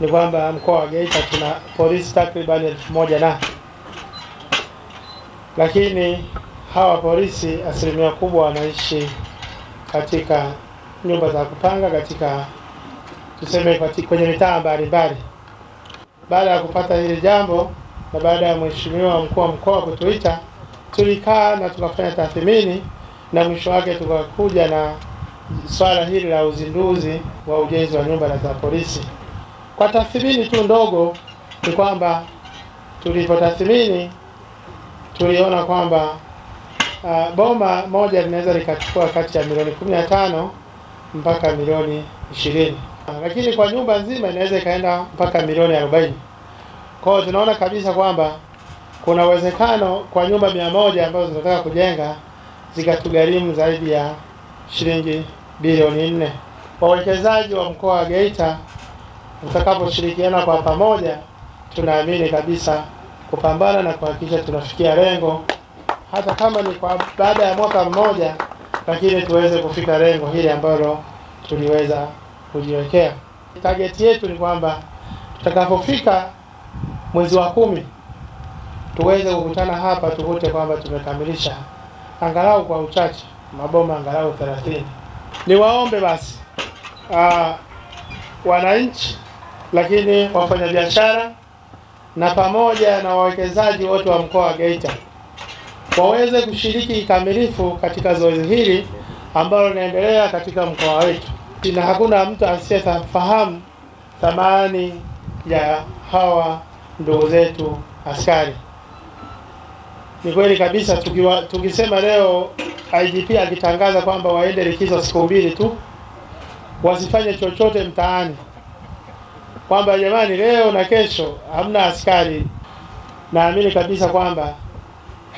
ni kwamba mkoa wa Geita tuna polisi takribani elfu moja na lakini hawa polisi asilimia kubwa wanaishi katika nyumba za kupanga katika tuseme katika, kwenye mitaa mbalimbali. Baada ya kupata hili jambo na baada ya mheshimiwa mkuu wa mkoa kutuita, tulikaa na tukafanya tathmini na mwisho wake tukakuja na swala hili la uzinduzi wa ujenzi wa nyumba za polisi. Kwa tathmini tu ndogo, ni kwamba tulipotathmini tuliona kwamba uh, boma moja linaweza likachukua kati ya milioni 15 mpaka milioni 20, lakini kwa nyumba nzima inaweza ikaenda mpaka milioni 40. Kwa hiyo tunaona kabisa kwamba kuna uwezekano kwa nyumba mia moja ambazo zinataka kujenga zikatugharimu zaidi ya shilingi bilioni nne. Wawekezaji wa mkoa wa Geita tutakaposhirikiana kwa pamoja, tunaamini kabisa kupambana na kuhakikisha tunafikia lengo, hata kama ni kwa baada ya mwaka mmoja, lakini tuweze kufika lengo hili ambalo tuliweza kujiwekea. Target yetu ni kwamba tutakapofika mwezi wa kumi tuweze kukutana hapa tukute kwamba tumekamilisha angalau kwa uchache maboma angalau 30. Niwaombe basi wananchi lakini wafanyabiashara na pamoja na wawekezaji wote wa mkoa wa Geita waweze kushiriki kikamilifu katika zoezi hili ambalo linaendelea katika mkoa wetu, na hakuna mtu asiyefahamu thamani ya hawa ndugu zetu askari. Ni kweli kabisa, tukiwa, tukisema leo IGP akitangaza kwamba waende likizo siku mbili tu, wasifanye chochote mtaani kwamba jamani, leo na kesho hamna askari, naamini kabisa kwamba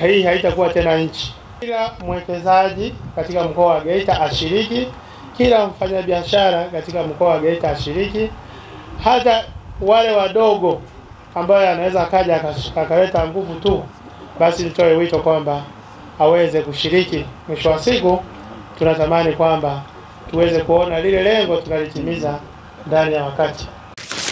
hii haitakuwa tena nchi. Kila mwekezaji katika mkoa wa Geita ashiriki, kila mfanyabiashara katika mkoa wa Geita ashiriki, hata wale wadogo ambayo anaweza akaja akaleta nguvu tu, basi nitoe wito kwamba aweze kushiriki. Mwisho wa siku, tunatamani kwamba tuweze kuona lile lengo tunalitimiza ndani ya wakati.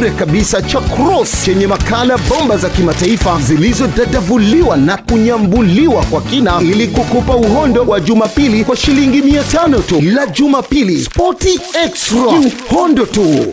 bure kabisa cha Cross chenye makala bomba za kimataifa zilizodadavuliwa na kunyambuliwa kwa kina ili kukupa uhondo wa Jumapili kwa shilingi 5 tu. La Jumapili, spoti extra, kiuhondo tu.